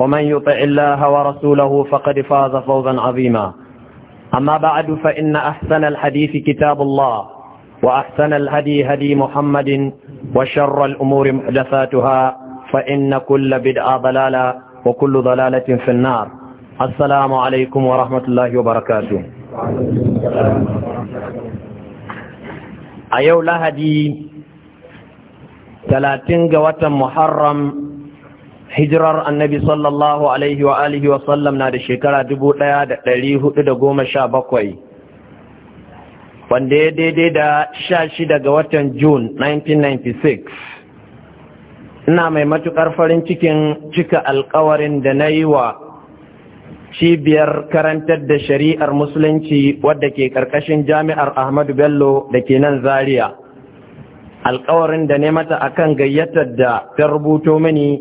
ومن يطع الله ورسوله فقد فاز فوزا عظيما أما بعد فإن أحسن الحديث كتاب الله وأحسن الهدي هدي محمد وشر الأمور محدثاتها فإن كل بدعة ضلالة وكل ضلالة في النار السلام عليكم ورحمة الله وبركاته أيولا هدي 30 ga محرم hijirar annabi sallallahu alaihi wa alihi wa sallam na da shekara bakwai, wanda ya daidai da sha shida ga watan Jun 1996 ina mai matukar farin cikin cika alkawarin da na yi wa cibiyar karantar da shari'ar musulunci wadda ke karkashin jami'ar ahmadu bello da ke nan zaria alkawarin da ne mata akan gayyatar da ta rubuto mini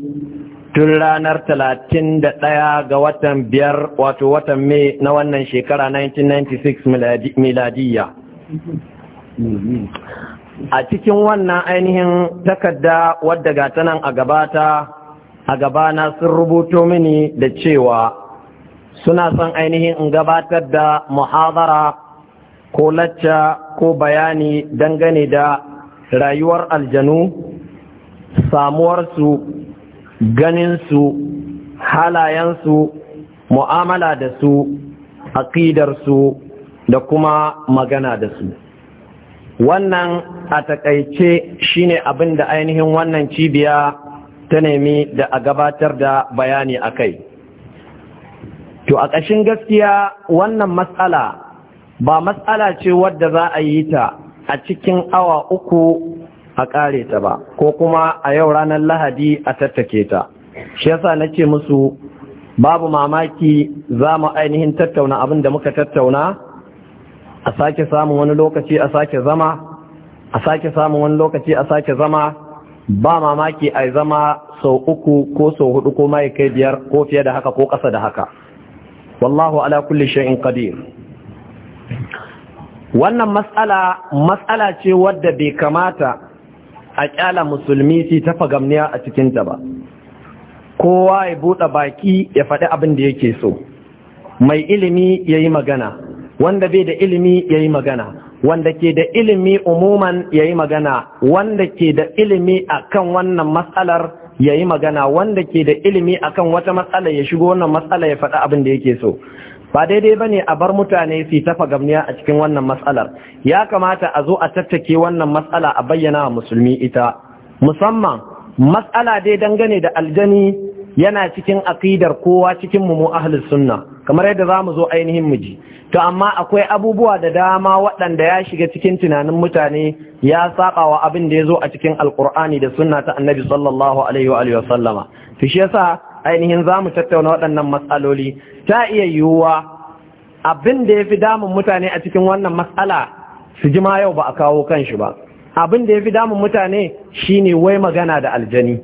tun ranar talatin da ɗaya ga watan biyar wato watan mai na wannan shekara 1996 miladiyya a cikin wannan ainihin takarda wadda ga nan a gabata a gabana sun rubuto mini da cewa suna son ainihin in gabatar da muhazara ko lacca ko bayani dangane da rayuwar aljanu samuwarsu ganinsu halayensu mu'amala da su aƙidarsu da kuma magana da su wannan a taƙaice shine abin da ainihin wannan cibiya ta nemi da a gabatar da bayani a kai to a ƙashin gaskiya wannan matsala ba matsala ce wadda za a yi ta a cikin awa uku a ƙare ta ba ko kuma a yau ranar lahadi a tattake ta shi yasa nace musu babu mamaki za mu ainihin tattauna abin da muka tattauna a sake samun wani lokaci a sake zama a sake samun wani lokaci a sake zama ba mamaki a zama sau uku ko sau hudu ko mai kai biyar ko fiye da haka ko ƙasa da haka wallahu ala kulli shay'in qadir wannan mas'ala mas'ala ce wadda bai kamata a kyala musulmi su ta gamniya a cikinta ba kowa ya buɗe baki ya faɗi abin da yake so mai ilimi ya yi magana wanda bai da ilimi ya yi magana wanda ke da ilimi umuman ya yi magana wanda ke da ilimi a kan wannan matsalar ya yi magana wanda ke da ilimi a kan wata matsala ya shigo wannan matsala ya faɗi abin da yake so ba daidai ba ne a bar mutane su tafa gamniya a cikin wannan matsalar ya kamata a zo a tattake wannan matsala a bayyana wa musulmi ita musamman matsala dai dangane da aljani yana cikin aƙidar kowa cikin mu ahlus sunna kamar yadda za mu zo ainihin mu ji to amma akwai abubuwa da dama waɗanda ya shiga cikin tunanin mutane ya saba wa abin da ya zo a cikin alkur'ani da sunna ta annabi sallallahu alaihi wa sallama to shi yasa ainihin za mu tattauna waɗannan matsaloli ta iya yiwuwa abin da ya fi damun mutane a cikin wannan matsala su ji ma yau ba a kawo kan shi ba abin da ya fi damun mutane shi ne wai magana da aljani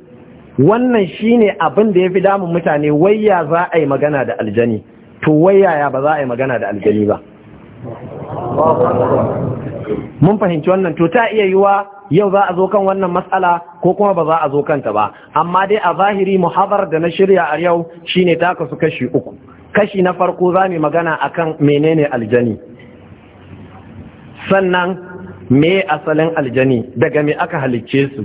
wannan ne abin da ya fi damun mutane wai ya za a yi magana da aljani to wai yaya ba za a yi magana da aljani ba mun fahimci wannan to ta iya yiwuwa. yau za a zo kan wannan matsala ko kuma ba za a zo kanta ba amma dai a zahiri muhabar da na shirya a yau shine ta kasu kashi uku kashi na farko za mu magana akan menene aljani sannan me asalin aljani daga me aka halicce su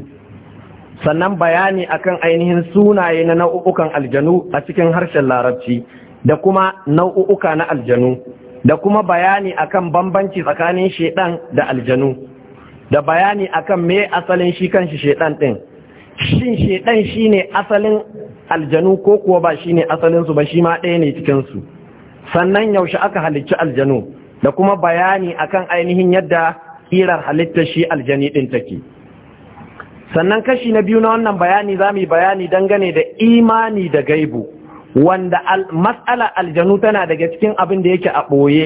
sannan bayani akan ainihin sunaye na nau'ukan aljanu a cikin harshen larabci da kuma nau'uka na aljanu da kuma bayani akan bambanci tsakanin shedan da aljanu da bayani akan me asalin shi kan shi shedan din shin shedan shine asalin aljanu ko kuwa ba shine asalin su ba shi ma ɗaya ne cikinsu, sannan yaushe aka halicci aljanu da kuma bayani akan ainihin yadda ƙirar halittar shi aljani din take sannan kashi na biyu na wannan bayani za mu yi bayani dangane da imani da gaibu wanda mas'ala aljanu tana daga cikin abin da yake a ɓoye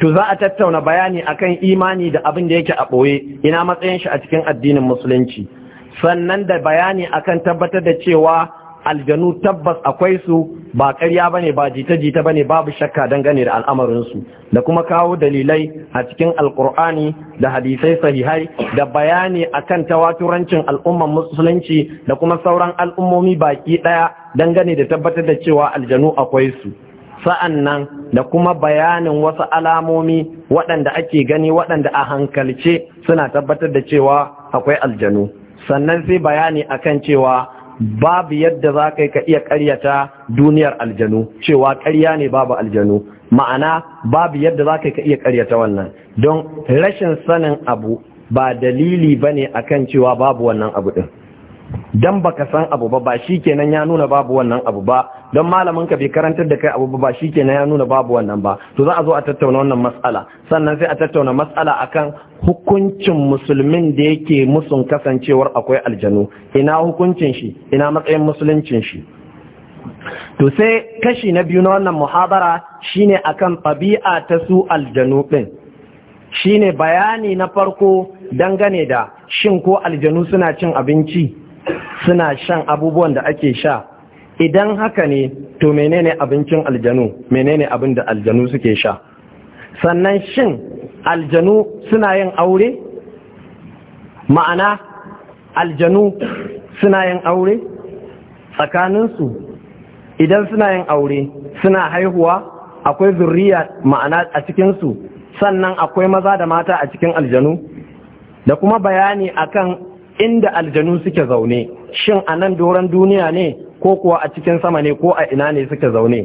to za a tattauna bayani akan imani da abin da yake a ɓoye ina matsayin shi a cikin addinin musulunci sannan da bayani akan tabbatar da cewa aljanu tabbas akwai su ba ƙarya bane ba jita-jita bane babu shakka dangane da al'amarinsu da kuma kawo dalilai a cikin alkur'ani da hadisai sahihai da bayani akan tawaturancin al'umman musulunci da kuma sauran al'ummomi baki ɗaya dangane da tabbatar da cewa aljanu akwai su sa'annan da kuma bayanin wasu alamomi waɗanda ake gani waɗanda a hankalce suna tabbatar da cewa akwai aljanu sannan sai bayani akan cewa babu yadda za ka ka iya ƙaryata duniyar aljanu cewa karya ne babu aljanu ma'ana babu yadda za ka ka iya ƙaryata wannan don rashin sanin abu ba dalili ba ne akan cewa babu wannan abu ɗin don baka san abu ba ba shi kenan ya nuna babu wannan abu ba don malamin ka bai karantar da kai abu ba shi na ya nuna babu wannan ba to za a zo a tattauna wannan matsala sannan sai a tattauna matsala akan hukuncin musulmin da yake musun kasancewar akwai aljanu ina hukuncin shi ina matsayin musuluncin shi to sai kashi na biyu na wannan muhabara shine akan tabi'a ta su aljanu din shine bayani na farko dangane da shin ko aljanu suna cin abinci suna shan abubuwan da ake sha idan haka ne to menene abincin aljanu menene abin da aljanu suke sha sannan shin aljanu suna yin aure ma'ana aljanu suna yin aure tsakaninsu idan suna yin aure suna haihuwa akwai zurriya ma'ana a cikinsu sannan akwai maza da mata a cikin aljanu da kuma bayani akan inda aljanu suke zaune shin anan nan doron duniya ne ko kuwa a cikin sama ne ko a ina ne suka zaune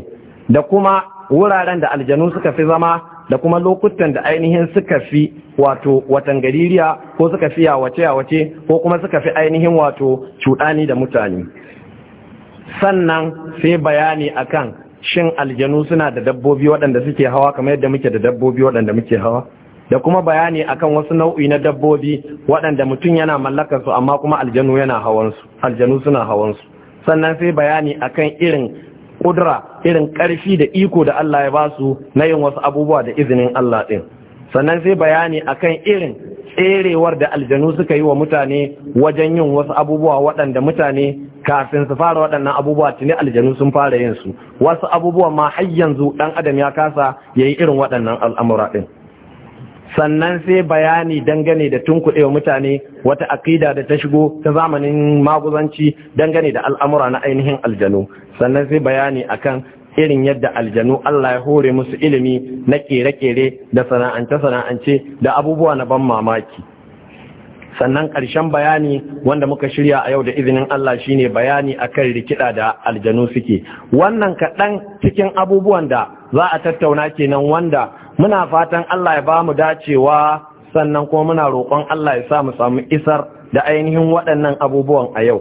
da kuma wuraren da aljanu suka fi zama da kuma lokutan da ainihin suka fi wato watan gaririya ko suka fi yawace yawace ko kuma suka fi ainihin wato cuɗani da mutane sannan sai bayani akan shin aljanu suna da dabbobi waɗanda suke hawa kamar yadda muke da dabbobi waɗanda muke hawa da kuma bayani akan wasu nau'i na dabbobi waɗanda mutum yana mallakarsu amma kuma aljanu yana hawansu aljanu suna hawansu sannan sai bayani akan irin kudura irin karfi da iko da Allah ya basu na yin wasu abubuwa da izinin Allah din sannan sai bayani akan irin tserewar da aljanu suka yi wa mutane wajen yin wasu abubuwa waɗanda mutane kafin su fara waɗannan abubuwa tuni aljanu sun fara yin su wasu abubuwa ma har yanzu ɗan adam ya kasa ya yi irin waɗannan al'amura ɗin sannan sai bayani dangane da tunkuɗewa mutane wata aƙida da ta shigo ta zamanin maguzanci dangane da al'amura na ainihin aljanu sannan sai bayani akan irin yadda aljanu Allah ya hore musu ilimi na kere-kere da sana'ance-sana'ance da abubuwa na ban mamaki sannan ƙarshen bayani wanda muka shirya a yau da izinin Allah shine bayani akan rikida da aljanu suke wannan kaɗan cikin abubuwan da za a tattauna kenan wanda muna fatan Allah ya ba mu dacewa sannan kuma muna roƙon Allah ya sa mu samu isar da ainihin waɗannan abubuwan a yau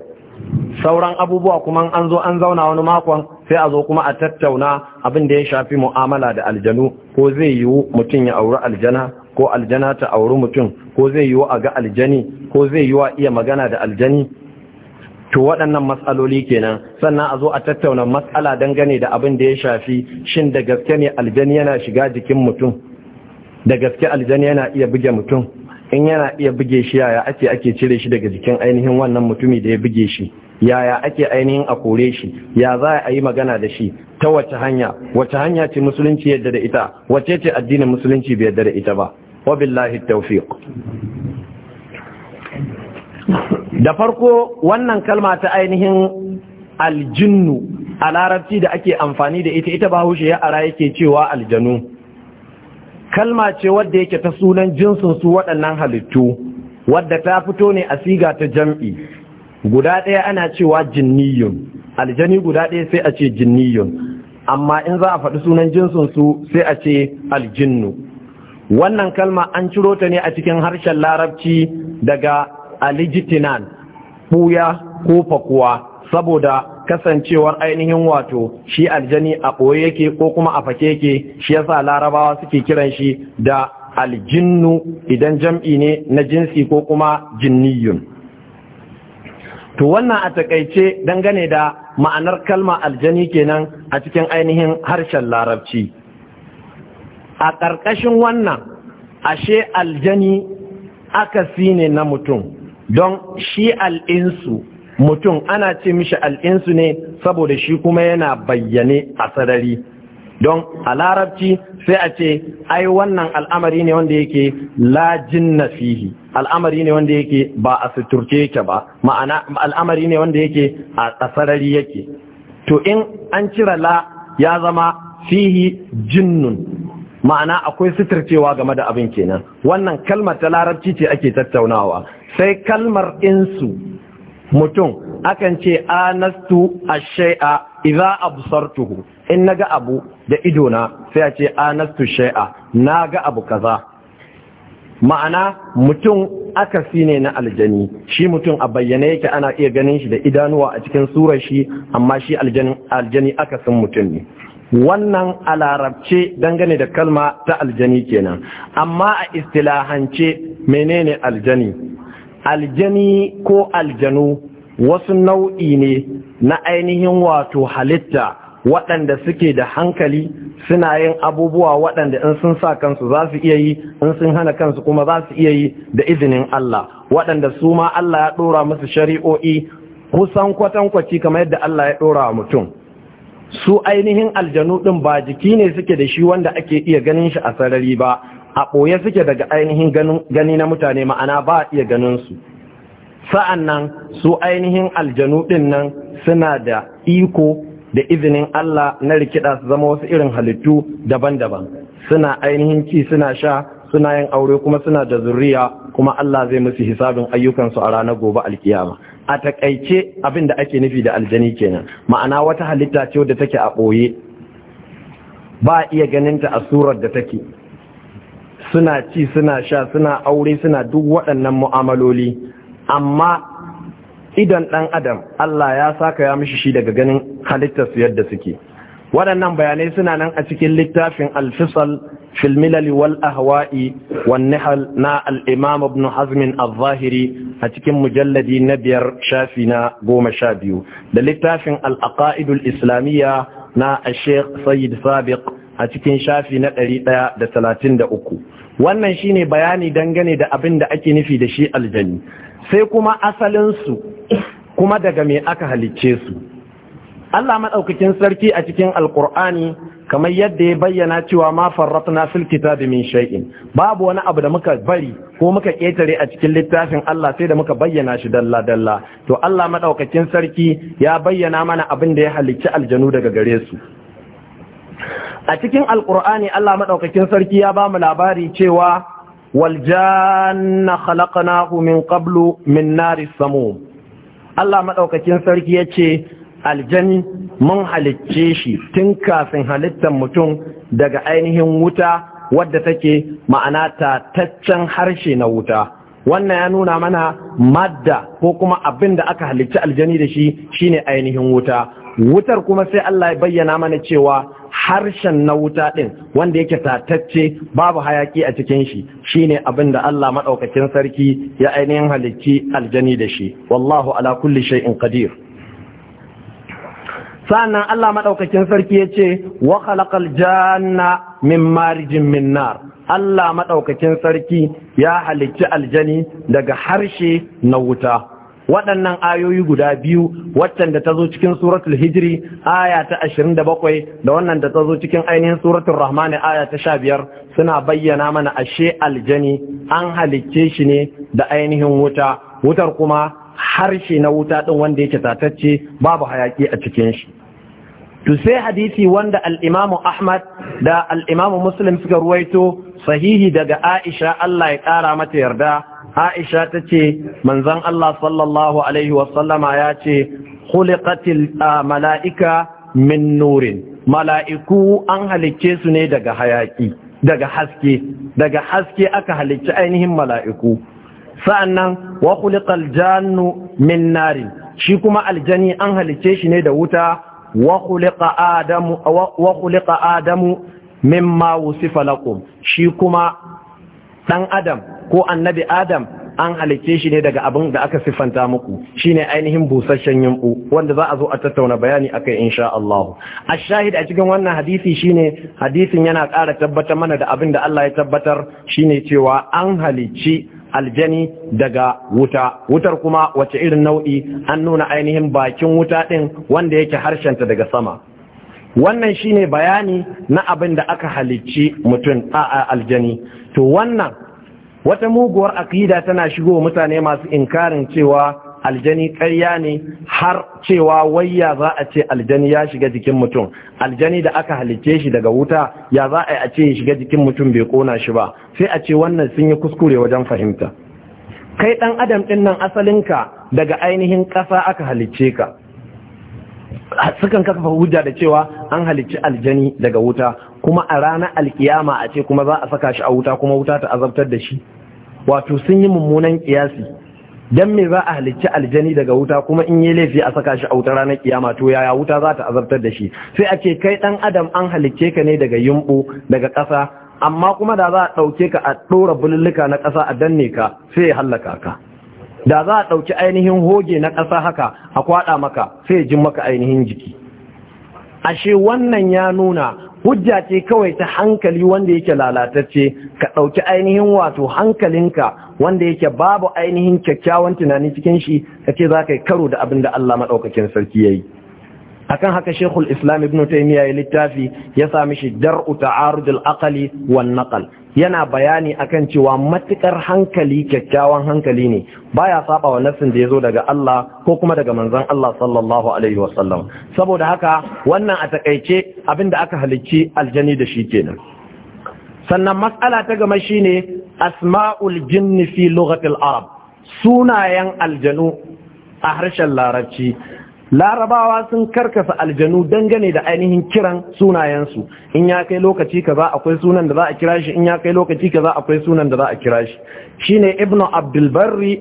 sauran abubuwa kuma an zo an zauna wani makon sai a zo kuma a tattauna abin da ya shafi mu'amala da aljanu ko zai yiwu mutum ya auri aljana ko aljana ta auri mutum ko zai yiwu a ga aljani ko zai yiwu iya magana da aljani to waɗannan matsaloli kenan sannan a zo a tattauna matsala dangane da abin da ya shafi shin da gaske ne aljani yana shiga jikin mutum da gaske aljani yana iya buge mutum in yana iya buge shi yaya ake ake cire shi daga jikin ainihin wannan mutumi da ya buge shi yaya ake ainihin a kore shi ya za a yi magana da shi ta wace hanya wace hanya ce musulunci yadda da ita wace ce addinin musulunci bai yadda da ita ba wabillahi tawfiq da farko wannan kalma ta ainihin aljinnu a larabci da ake amfani da ita ita bahaushe ya ara yake cewa aljanu kalma ce wadda yake ta sunan jinsin su waɗannan halittu wadda ta fito ne a siga ta jam'i guda ɗaya ana cewa jinniyun aljani guda ɗaya sai a ce jinniyun amma in za a faɗi sunan jinsin su sai a ce aljinnu wannan kalma an ciro ta ne a cikin harshen larabci daga alijitinan buya ko fakuwa saboda kasancewar ainihin wato shi aljani a ɓoye yake ko kuma a fake yake shi yasa larabawa suke kiran shi da aljinnu idan jam'i ne na jinsi ko kuma jinniyun to wannan a takaice dangane da ma'anar kalma aljani kenan a cikin ainihin harshen larabci a ƙarƙashin wannan ashe aljani akasi ne na mutum don shi al'insu mutum ana ce mishi al'insu ne saboda shi kuma yana bayyane a sarari don a larabci sai a ce ai wannan al'amari ne wanda yake lajin na fihi al'amari ne wanda yake ba a suturce yake ba ma'ana al'amari ne wanda yake a sarari yake to in an cire la ya zama fihi jinnun ma'ana akwai suturcewa game da abin kenan wannan kalmar ta larabci ce ake tattaunawa sai kalmar insu mutum akan ce anastu ash-shay'a idza absartuhu in naga abu da ido na sai a ce anastu shay'a naga abu kaza ma'ana mutum akasi ne na aljani shi mutum a bayyane yake ana iya ganin shi da idanuwa a cikin surar shi amma shi aljani akasin mutum ne wannan alarabce dangane da kalma ta aljani kenan amma a istilahance menene aljani aljani ko aljanu wasu nau'i ne na ainihin wato halitta waɗanda suke da hankali suna yin abubuwa waɗanda in sun sa kansu za su iya yi in sun hana kansu kuma za su iya yi da izinin Allah waɗanda su ma Allah ya ɗora musu shari'o'i kusan kwatankwaci kamar yadda Allah ya ɗora wa mutum su ainihin aljanu ɗin ba jiki ne suke da shi wanda ake iya ganin shi a sarari ba a ɓoye suke daga ainihin gani na mutane ma'ana ba a iya ganinsu sa'an nan su ainihin aljanu ɗin nan suna da iko da izinin Allah na rikida su zama wasu irin halittu daban-daban suna ainihin ci suna sha suna yin aure kuma suna da zurriya kuma Allah zai musu hisabin ayyukansu a ranar gobe alkiyama a takaice abin da ake nufi da aljani kenan ma'ana wata halitta ce wadda take a ɓoye ba a iya ganinta a surar da take suna ci suna sha suna aure suna duk waɗannan mu'amaloli amma idan ɗan adam Allah ya saka ya mishi shi daga ganin halittarsu yadda suke waɗannan bayanai suna nan a cikin littafin alfisal filmilali wal ahwa'i wan nihal na al'imam ibn hazmin al-zahiri a cikin mujalladi na biyar shafi na goma sha biyu da littafin al'aqa'idul islamiyya na a sheikh sayyid sabiq a cikin shafi na ɗari ɗaya da talatin da uku. wannan shine bayani dangane da abin da ake nufi da shi aljani sai kuma asalinsu kuma daga me aka halicce su Allah maɗaukakin sarki a cikin alkur'ani kamar yadda ya bayyana cewa ma na filkita da min shai'in babu wani abu da muka bari ko muka ƙetare a cikin littafin Allah sai da muka bayyana shi dalla dalla to Allah maɗaukakin sarki ya bayyana mana abin da ya halicci aljanu daga gare su a cikin alkur'ani Allah maɗaukakin sarki ya ba mu labari cewa waljanna khalaqnahu min qablu min nari samum Allah maɗaukakin sarki ya ce aljani mun halicce shi tun kafin halittar mutum daga ainihin wuta wadda take ma'ana taccen harshe na wuta wannan ya nuna mana madda ko kuma abin da aka halicci aljani da shi shine ainihin wuta wutar kuma sai Allah ya bayyana mana cewa harshen na wuta ɗin wanda yake tatacce babu hayaki a cikin shi shine abin da Allah Maɗaukakin sarki ya ainihin halicci aljani da shi wallahu ala kulli shay'in qadir sannan Allah Maɗaukakin sarki ya ce wa khalaqal janna min marijin min nar Allah Maɗaukakin sarki ya halicci aljani daga harshe na wuta waɗannan ayoyi guda biyu waccan da ta zo cikin suratul hijri aya ta 27 da wannan da ta zo cikin ainihin suratul rahmani aya ta 15 suna bayyana mana ashe aljani an halicce shi ne da ainihin wuta wutar kuma harshe na wuta ɗin wanda yake tatacce babu hayaki a cikin shi to sai hadisi wanda al'imamu Ahmad da al'imamu Muslim suka ruwaito sahihi daga Aisha Allah ya ƙara mata yarda aisha ta ce manzan Allah sallallahu alaihi wasallama ya ce a mala'ika min nurin mala'iku an halicce su ne daga hayaki daga haske daga haske aka halicci ainihin mala'iku sa'annan wa khuliqal jannu min narin shi kuma aljani an halicce shi ne da wuta wa khuliqa adamu min khuliqa adamu mimma shi kuma ɗan adam ko annabi adam an halicce shi ne daga abin da aka siffanta muku shine ainihin busasshen yumbu wanda za a zo a tattauna bayani akai insha Allah ashahid a cikin wannan hadisi shine hadisin yana ƙara tabbatar mana da abin da Allah ya tabbatar shine cewa an halicci aljani daga wuta wutar kuma wace irin nau'i an nuna ainihin bakin wuta din wanda yake harshenta daga sama wannan shine bayani na abin da aka halicci mutum a aljani to wannan wata muguwar akida tana shigo mutane masu inkarin cewa aljani ƙarya ne har cewa wayya za a ce aljani ya shiga jikin mutum aljani da aka halicce shi daga wuta ya za a ce ya shiga jikin mutum bai kona shi ba sai a ce wannan sun yi kuskure wajen fahimta kai ɗan adam ɗin nan asalinka daga ainihin ƙasa aka halicce ka sukan kafa hujja da cewa an halicci aljani daga wuta kuma a ranar alkiyama a ce kuma za a saka shi a wuta kuma wuta ta azabtar da shi wato sun yi mummunan kiyasi dan me za a halicci aljani daga wuta kuma in yi laifi a saka shi a wuta ranar kiyama to yaya wuta za ta azabtar da shi sai a ce kai dan adam an halicce ka ne daga yumbu daga kasa. amma kuma da za a dauke ka a ɗora bululluka na kasa a danne ka sai ya hallaka ka da za a ɗauki ainihin hoge na ƙasa haka a kwaɗa maka sai jin maka ainihin jiki ashe wannan ya nuna hujja ce kawai ta hankali wanda yake lalatacce ka ɗauki ainihin wato hankalinka wanda yake babu ainihin kyakkyawan tunani cikin shi ka ce za ka yi karo da abin da Allah maɗaukakin sarki ya yi akan haka shekul islam ibn taimiyya ya littafi ya sami shi dar'u ta'arudul aqali wan naqal yana bayani akan cewa matukar hankali kyakkyawan hankali ne baya saba wa nassin da yazo daga Allah ko kuma daga manzon Allah sallallahu alaihi wasallam saboda haka wannan a takeice abinda aka halicci aljani da shi kenan sannan mas'ala ta gama shine asma'ul jinni fi lughatil arab sunayen aljanu a harshen larabci larabawa sun karkasa aljanu dangane da ainihin kiran sunayensu in ya kai lokaci kaza akwai sunan da za a kira shi in ya kai lokaci kaza akwai sunan da za a kira shi shine ibnu abdul barri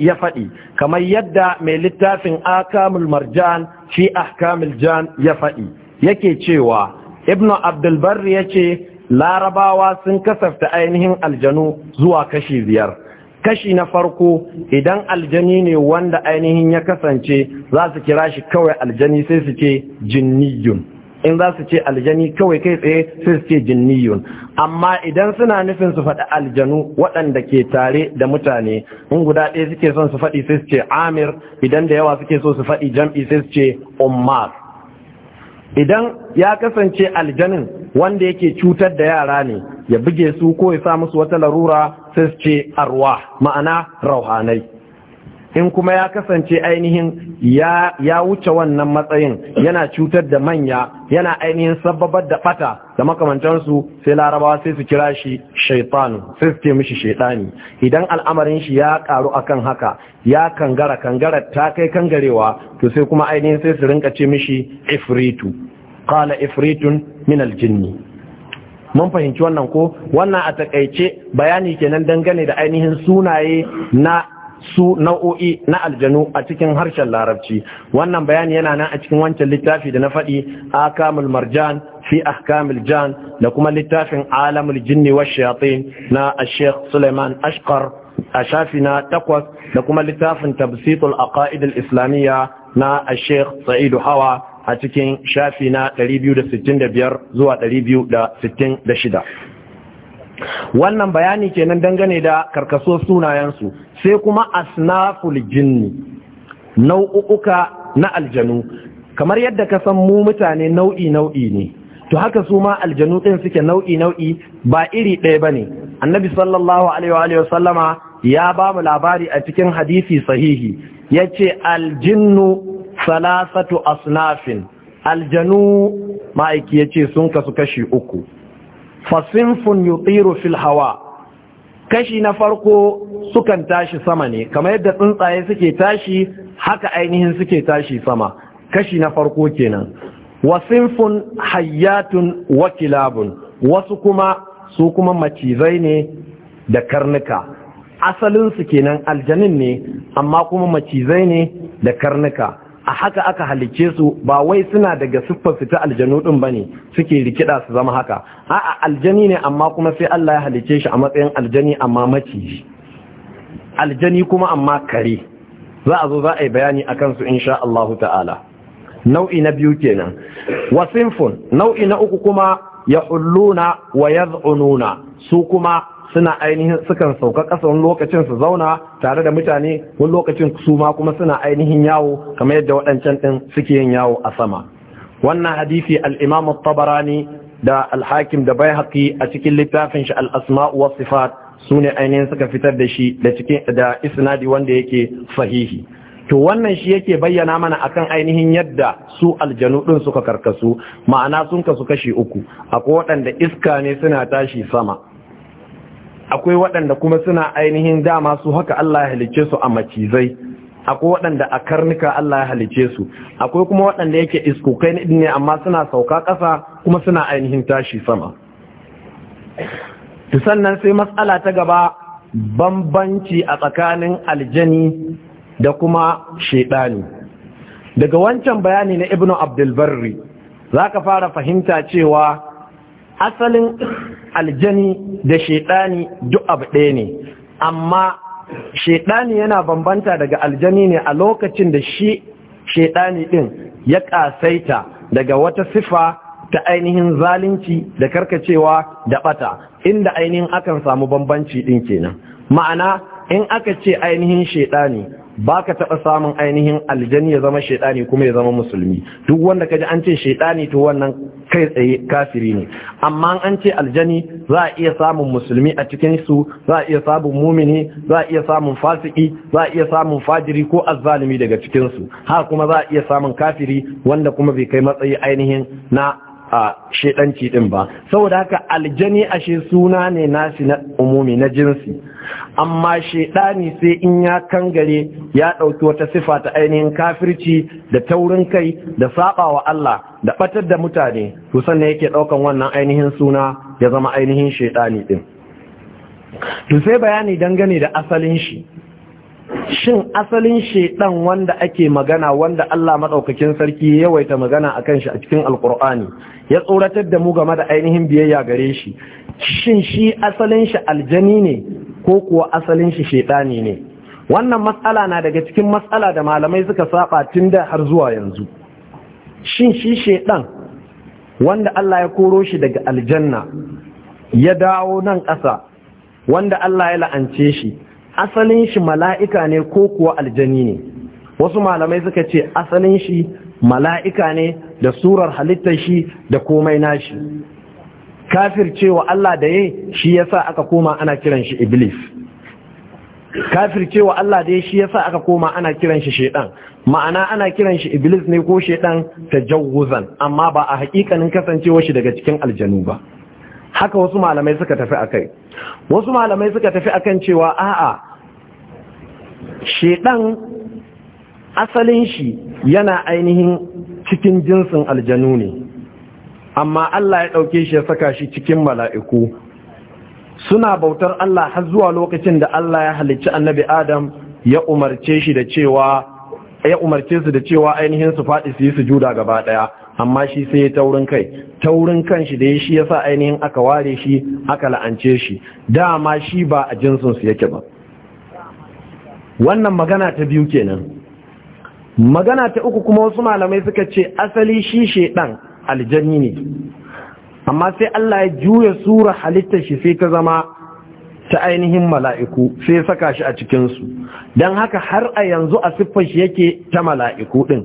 ya faɗi kamar yadda mai littafin akamul marjan fi ahkamul jan ya faɗi yake cewa ibnu abdul barri yace larabawa sun kasafta ainihin aljanu zuwa kashi biyar kashi na farko idan aljani ne wanda ainihin ya kasance za su kira shi kawai aljani sai su ce jinniyun in za su ce aljani kawai kai tsaye sai su ce jinniyun amma idan suna nufin su faɗi aljanu waɗanda ke tare da mutane in guda ɗaya suke son su faɗi sai su ce amir idan da yawa suke so su faɗi jam'i sai su ce ummar idan ya kasance aljanin wanda yake cutar da yara ne ya buge su ko ya sa musu wata larura sai su ce arwa ma'ana rauhanai in kuma ya kasance ainihin ya, wuce wannan matsayin yana cutar da manya yana ainihin sababar da bata da makamantansu sai larabawa sai su kira shi shaitanu sai su ce mishi shaitani idan al'amarin shi ya karu akan haka ya kangara kangara ta kai kangarewa to sai kuma ainihin sai su rinka ce mishi ifritu qala ifritun min aljinni mun fahimci wannan ko wannan a takaice bayani kenan dangane da ainihin sunaye na su nau'o'i na aljanu a cikin harshen larabci wannan bayani yana nan a cikin wancan littafi da na faɗi akamul marjan fi ahkamil jan da kuma littafin alamul jinni wa shayatin na sheikh suleiman ashkar a shafi na takwas da kuma littafin tabsitul aqaid al islamiyya na sheikh sa'idu hawa a cikin shafi na 265 zuwa 266 wannan bayani kenan dangane da karkaso sunayensu sai kuma asnaful jinni nau'uka na aljanu kamar yadda ka san mu mutane nau'i nau'i ne to haka su ma aljanu ɗin suke nau'i nau'i ba iri ɗaya bane annabi sallallahu alaihi wa sallama ya ba mu labari a cikin hadisi sahihi ya ce aljinnu salasatu asnafin aljanu ma'aiki ya ce sun kasu kashi uku fasinfun yutiru fil hawa kashi na farko sukan tashi sama ne kamar yadda tsuntsaye suke tashi haka ainihin suke tashi sama kashi na farko kenan wasinfun hayyatun wakilabun wasu kuma su kuma macizai ne da karnuka asalin su kenan aljanin ne amma kuma macizai ne da karnuka a haka aka halicce su ba wai suna daga siffar fita aljanu din bane suke rikida su zama haka a'a aljani ne amma kuma sai Allah ya halicce shi a matsayin aljani amma maciji aljani kuma amma kare za a zo za a yi bayani akan su insha Allah ta'ala nau'i na biyu kenan wasinfun nau'i na uku kuma yahulluna wa yad'ununa su kuma suna ainihin sukan sauka ƙasa wani lokacin su zauna tare da mutane wani lokacin su ma kuma suna ainihin yawo kamar yadda waɗancan ɗin suke yin yawo a sama wannan hadisi al-imam tabarani da al-hakim da baihaqi a cikin littafin shi al asma'u wa sifat sune ainihin suka fitar da shi da cikin da isnadi wanda yake sahihi to wannan shi yake bayyana mana akan ainihin yadda su aljanu din suka karkasu ma'ana sun kasu kashi uku akwai waɗanda iska ne suna tashi sama akwai waɗanda kuma suna ainihin dama su haka Allah ya halicce su a macizai akwai waɗanda a karnuka Allah ya halicce su akwai kuma waɗanda yake iskukai ne amma suna sauka ƙasa kuma suna ainihin tashi sama sannan sai matsala ta gaba bambanci a tsakanin aljani da kuma shaidani daga wancan bayani na ibnu abdulbarri za ka fara fahimta cewa asalin aljani da shaidani duk abu ɗaya ne amma shaidani yana bambanta daga aljani ne a lokacin da shi shaidani ɗin ya ƙasaita daga wata sifa ta ainihin zalunci da karkacewa da ɓata inda ainihin akan samu bambanci ɗin kenan ma'ana in aka ce ainihin shaidani ba ka taɓa samun ainihin aljani ya zama shaidani kuma ya zama musulmi duk wanda ka ji an ce shaidani to wannan kai tsaye kafiri ne amma an ce aljani za a iya samun musulmi a cikin su za a iya samun mumini za a iya samun fasiki za a iya samun fajiri ko azzalimi daga cikin su ha kuma za a iya samun kafiri wanda kuma bai kai matsayi ainihin na a shedanci din ba saboda haka aljani ashe suna ne nasi na umumi na jinsi amma shedani sai in ya kangare ya ɗauki wata sifa ta ainihin kafirci da taurin kai da saba Allah da batar da mutane to sannan yake ɗaukan wannan ainihin suna ya zama ainihin shedani din to sai bayani dangane da asalin shi shin asalin shaidan wanda ake magana wanda Allah madaukakin sarki ya yawaita magana akan shi a cikin alkur'ani ya tsoratar da mu game da ainihin biyayya gare shi shin shi asalin shi aljani ne ko kuwa asalin shi shaidani ne wannan matsala na daga cikin matsala da malamai suka saba tun da har zuwa yanzu shin shi shaidan wanda Allah ya koro shi daga aljanna ya dawo nan ƙasa wanda Allah ya la'ance shi asalin shi mala'ika ne ko kuwa aljani ne wasu malamai suka ce asalin shi mala'ika ne da surar halittar shi da komai nashi kafir cewa Allah da ya shi yasa aka koma ana kiran shi iblis kafir cewa Allah da ya shi yasa aka koma ana kiran shi shaidan. ma'ana ana kiran shi iblis ne ko shaidan ta jawuzan amma ba a hakikanin kasancewa shi daga cikin aljanu ba haka wasu malamai suka tafi a kai. wasu malamai suka tafi a kan cewa a'a shedan asalin shi yana ainihin cikin jinsin aljanu ne amma Allah ya ɗauke shi ya saka shi cikin mala'iku suna bautar Allah har zuwa lokacin da Allah ya halicci annabi Adam ya umarce shi da cewa ya umarce su da cewa ainihin su faɗi su yi sujuda gaba ɗaya amma shi sai taurin kai taurin kan shi da ya shi yasa ainihin aka ware shi aka la'ance shi dama shi ba a jinsin su yake ba wannan magana ta biyu kenan magana ta uku kuma wasu malamai suka ce asali shi shedan aljanni ne amma sai Allah ya juya sura halittar shi sai ta zama ta ainihin mala'iku sai saka shi a cikin su don haka har a yanzu a siffar shi yake ta mala'iku din?